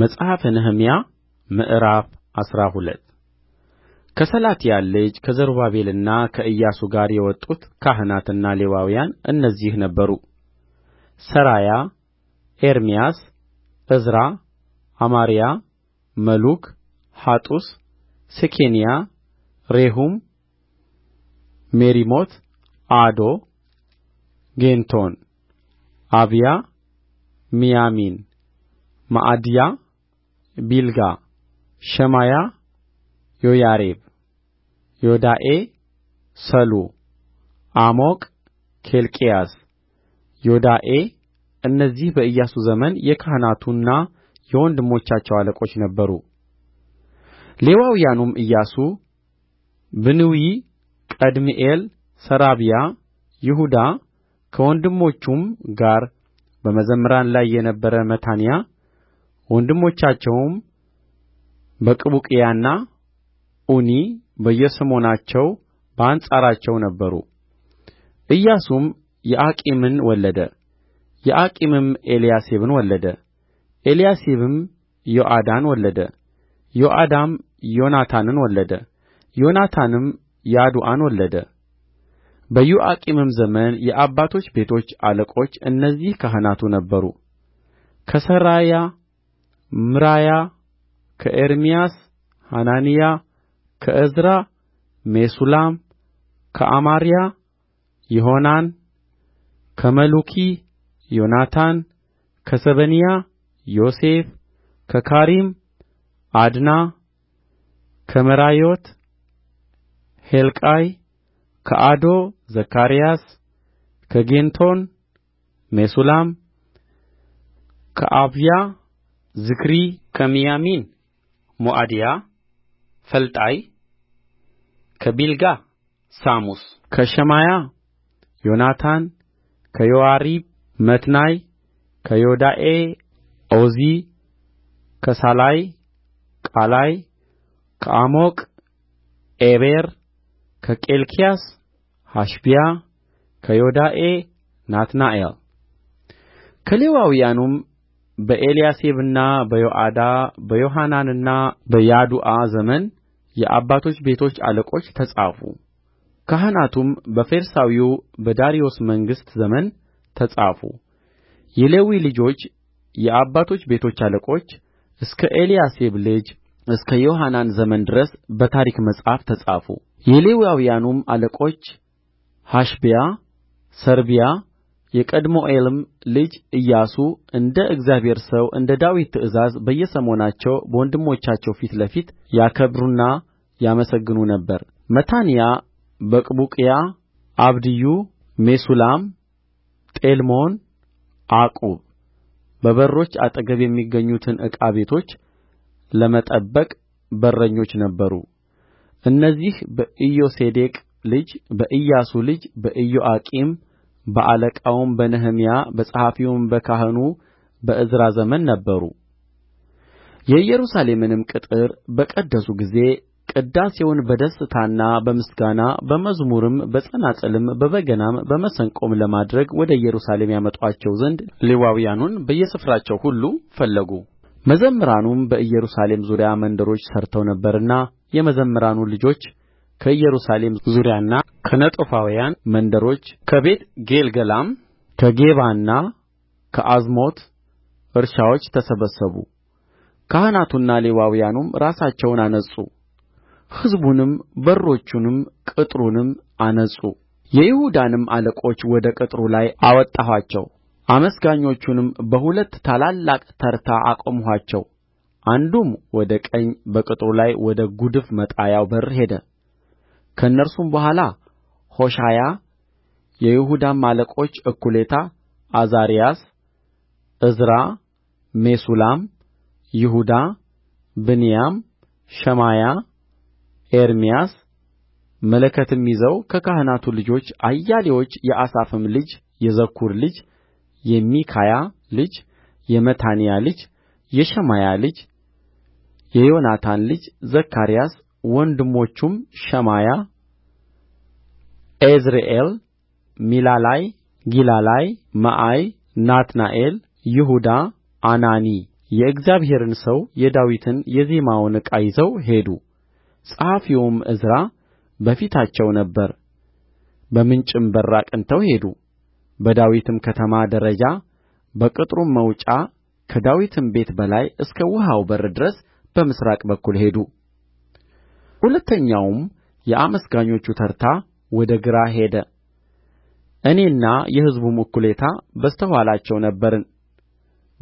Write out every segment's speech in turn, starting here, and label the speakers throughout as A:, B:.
A: መጽሐፈ ነህምያ ምዕራፍ አስራ ሁለት ከሰላትያል ልጅ ከዘሩባቤልና ከኢያሱ ጋር የወጡት ካህናትና ሌዋውያን እነዚህ ነበሩ። ሰራያ፣ ኤርምያስ፣ ዕዝራ፣ አማርያ፣ መሉክ፣ ሐጡስ፣ ሴኬንያ፣ ሬሁም፣ ሜሪሞት፣ አዶ፣ ጌንቶን፣ አብያ፣ ሚያሚን፣ ማዕድያ፣ ቢልጋ ሸማያ ዮያሪብ ዮዳኤ ሰሉ ዓሞቅ ኬልቅያስ ዮዳኤ እነዚህ በኢያሱ ዘመን የካህናቱና የወንድሞቻቸው አለቆች ነበሩ ሌዋውያኑም ኢያሱ ብንዊ ቀድምኤል ሰራብያ ይሁዳ ከወንድሞቹም ጋር በመዘምራን ላይ የነበረ መታንያ ወንድሞቻቸውም በቅቡቅያና ዑኒ በየሰሞናቸው በአንጻራቸው ነበሩ ኢያሱም ዮአቂምን ወለደ ዮአቂምም ኤልያሴብን ወለደ ኤልያሴብም ዮአዳን ወለደ ዮአዳም ዮናታንን ወለደ ዮናታንም ያዱአን ወለደ በዮአቂምም ዘመን የአባቶች ቤቶች አለቆች እነዚህ ካህናቱ ነበሩ ከሠራያ ምራያ ከኤርምያስ ሐናንያ ከዕዝራ ሜሱላም ከአማርያ ይሆሐናን ከመሉኪ ዮናታን ከሰበንያ ዮሴፍ ከካሪም ዓድና ከመራዮት ሄልቃይ ከአዶ ዘካርያስ ከጌንቶን ሜሱላም ከአብያ ዝክሪ ከሚያሚን ሞዓድያ ፈልጣይ ከቢልጋ ሳሙስ ከሸማያ ዮናታን ከዮያሪብ መትናይ ከዮዳኤ ኦዚ ከሳላይ ቃላይ ከዓሞቅ ዔቤር ከኬልቅያስ ሐሸቢያ ከዮዳኤ ናትናኤል ከሌዋውያኑም በኤልያሴብና በዮአዳ በዮሐናንና በያዱአ ዘመን የአባቶች ቤቶች አለቆች ተጻፉ ካህናቱም በፋርሳዊው በዳርዮስ መንግሥት ዘመን ተጻፉ የሌዊ ልጆች የአባቶች ቤቶች አለቆች እስከ ኤልያሴብ ልጅ እስከ ዮሐናን ዘመን ድረስ በታሪክ መጽሐፍ ተጻፉ የሌዋውያኑም አለቆች ሐሸብያ፣ ሰራብያ የቀድምኤልም ልጅ ኢያሱ እንደ እግዚአብሔር ሰው እንደ ዳዊት ትእዛዝ በየሰሞናቸው በወንድሞቻቸው ፊት ለፊት ያከብሩና ያመሰግኑ ነበር መታንያ በቅቡቅያ አብድዩ ሜሱላም ጤልሞን ዓቁብ በበሮች አጠገብ የሚገኙትን ዕቃ ቤቶች ለመጠበቅ በረኞች ነበሩ እነዚህ በኢዮሴዴቅ ልጅ በኢያሱ ልጅ በኢዮአቂም በአለቃውም በነህምያ በጸሐፊውም በካህኑ በዕዝራ ዘመን ነበሩ። የኢየሩሳሌምንም ቅጥር በቀደሱ ጊዜ ቅዳሴውን በደስታና በምስጋና በመዝሙርም በጸናጽልም በበገናም በመሰንቆም ለማድረግ ወደ ኢየሩሳሌም ያመጡአቸው ዘንድ ሌዋውያኑን በየስፍራቸው ሁሉ ፈለጉ። መዘምራኑም በኢየሩሳሌም ዙሪያ መንደሮች ሠርተው ነበርና የመዘምራኑ ልጆች ከኢየሩሳሌም ዙሪያና ከነጦፋውያን መንደሮች ከቤት ጌልገላም ከጌባና ከዓዝሞት እርሻዎች ተሰበሰቡ ካህናቱና ሌዋውያኑም ራሳቸውን አነጹ ሕዝቡንም በሮቹንም ቅጥሩንም አነጹ የይሁዳንም አለቆች ወደ ቅጥሩ ላይ አወጣኋቸው አመስጋኞቹንም በሁለት ታላላቅ ተርታ አቆምኋቸው አንዱም ወደ ቀኝ በቅጥሩ ላይ ወደ ጕድፍ መጣያው በር ሄደ ከእነርሱም በኋላ ሆሻያ የይሁዳም አለቆች እኩሌታ ዓዛርያስ ዕዝራ ሜሱላም ይሁዳ ብንያም ሸማያ ኤርምያስ መለከትም ይዘው ከካህናቱ ልጆች አያሌዎች የአሳፍም ልጅ የዘኩር ልጅ የሚካያ ልጅ የመታንያ ልጅ የሸማያ ልጅ የዮናታን ልጅ ዘካርያስ ወንድሞቹም ሸማያ ኤዝርኤል ሚላላይ ጊላላይ መዓይ ናትናኤል ይሁዳ አናኒ የእግዚአብሔርን ሰው የዳዊትን የዜማውን ዕቃ ይዘው ሄዱ ጸሐፊውም ዕዝራ በፊታቸው ነበረ በምንጭም በር አቅንተው ሄዱ በዳዊትም ከተማ ደረጃ በቅጥሩም መውጫ ከዳዊትም ቤት በላይ እስከ ውኃው በር ድረስ በምሥራቅ በኩል ሄዱ ሁለተኛውም የአመስጋኞቹ ተርታ ወደ ግራ ሄደ እኔና የሕዝቡም እኵሌታ በስተ ኋላቸው ነበርን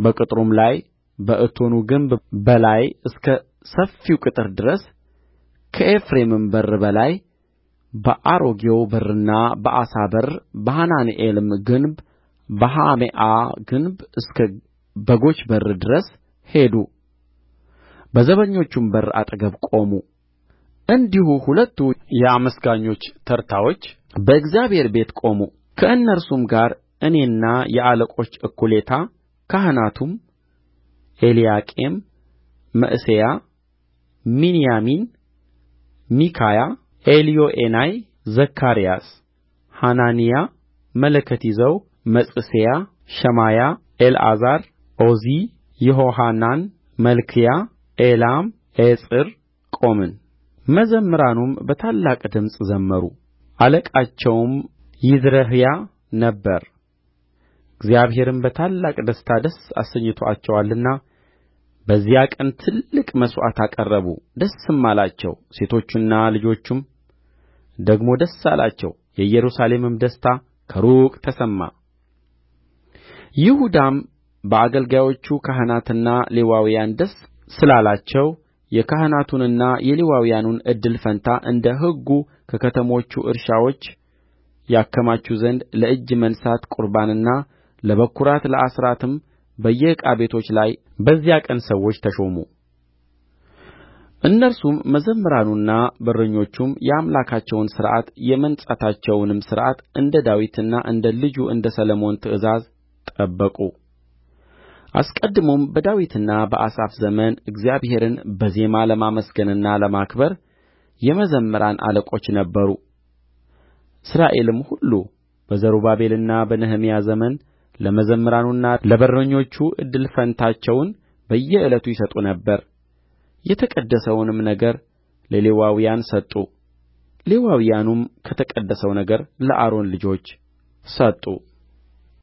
A: በቅጥሩም ላይ በእቶኑ ግንብ በላይ እስከ ሰፊው ቅጥር ድረስ ከኤፍሬምም በር በላይ በአሮጌው በርና በዓሣ በር በሐናንኤልም ግንብ በሐሜአ ግንብ እስከ በጎች በር ድረስ ሄዱ በዘበኞቹም በር አጠገብ ቆሙ እንዲሁ ሁለቱ የአመስጋኞች ተርታዎች በእግዚአብሔር ቤት ቆሙ ከእነርሱም ጋር እኔና የአለቆች እኩሌታ ካህናቱም ኤልያቄም መዕሤያ ሚንያሚን ሚካያ ኤልዮዔናይ ዘካርያስ ሐናንያ መለከት ይዘው መዕሤያ ሸማያ ኤልዓዛር ኦዚ ይሆሐናን መልክያ ኤላም ኤጽር ቆምን መዘምራኑም በታላቅ ድምፅ ዘመሩ አለቃቸውም ይዝረሕያ ነበረ እግዚአብሔርም በታላቅ ደስታ ደስ አሰኝቶአቸዋልና በዚያ ቀን ትልቅ መሥዋዕት አቀረቡ ደስም አላቸው ሴቶቹና ልጆቹም ደግሞ ደስ አላቸው የኢየሩሳሌምም ደስታ ከሩቅ ተሰማ ይሁዳም በአገልጋዮቹ ካህናትና ሌዋውያን ደስ ስላላቸው የካህናቱንና የሌዋውያኑን እድል ፈንታ እንደ ሕጉ ከከተሞቹ እርሻዎች ያከማቹ ዘንድ ለእጅ ማንሣት ቍርባንና ለበኵራት ለአሥራትም በየዕቃ ቤቶቹ ላይ በዚያ ቀን ሰዎች ተሾሙ እነርሱም መዘምራኑና በረኞቹም የአምላካቸውን ሥርዓት የመንጻታቸውንም ሥርዓት እንደ ዳዊትና እንደ ልጁ እንደ ሰሎሞን ትእዛዝ ጠበቁ አስቀድሞም በዳዊትና በአሳፍ ዘመን እግዚአብሔርን በዜማ ለማመስገንና ለማክበር የመዘምራን አለቆች ነበሩ እስራኤልም ሁሉ በዘሩባቤልና በነህምያ ዘመን ለመዘምራኑና ለበረኞቹ እድል ፈንታቸውን በየዕለቱ ይሰጡ ነበር የተቀደሰውንም ነገር ለሌዋውያን ሰጡ ሌዋውያኑም ከተቀደሰው ነገር ለአሮን ልጆች ሰጡ